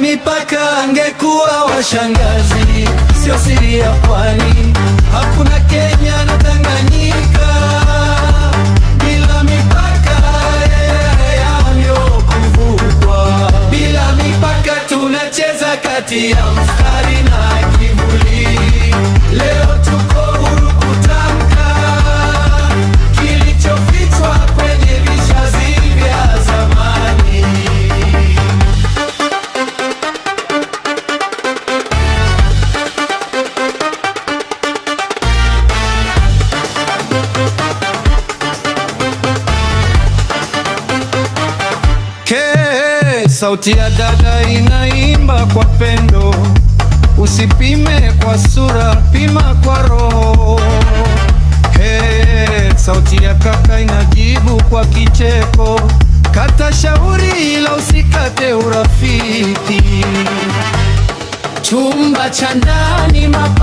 mipaka, angekuwa washangazi, sio siri ya pwani, hakuna Kenya na Tanganyika bila mipaka yayavyokumbukwa, bila mipaka tunacheza kati ya mstari Ke, sauti ya dada inaimba kwa pendo, usipime kwa sura, pima kwa roho. Ke, sauti ya kaka inajibu kwa kicheko, kata shauri ila usikate urafiki. Chumba cha ndani mapa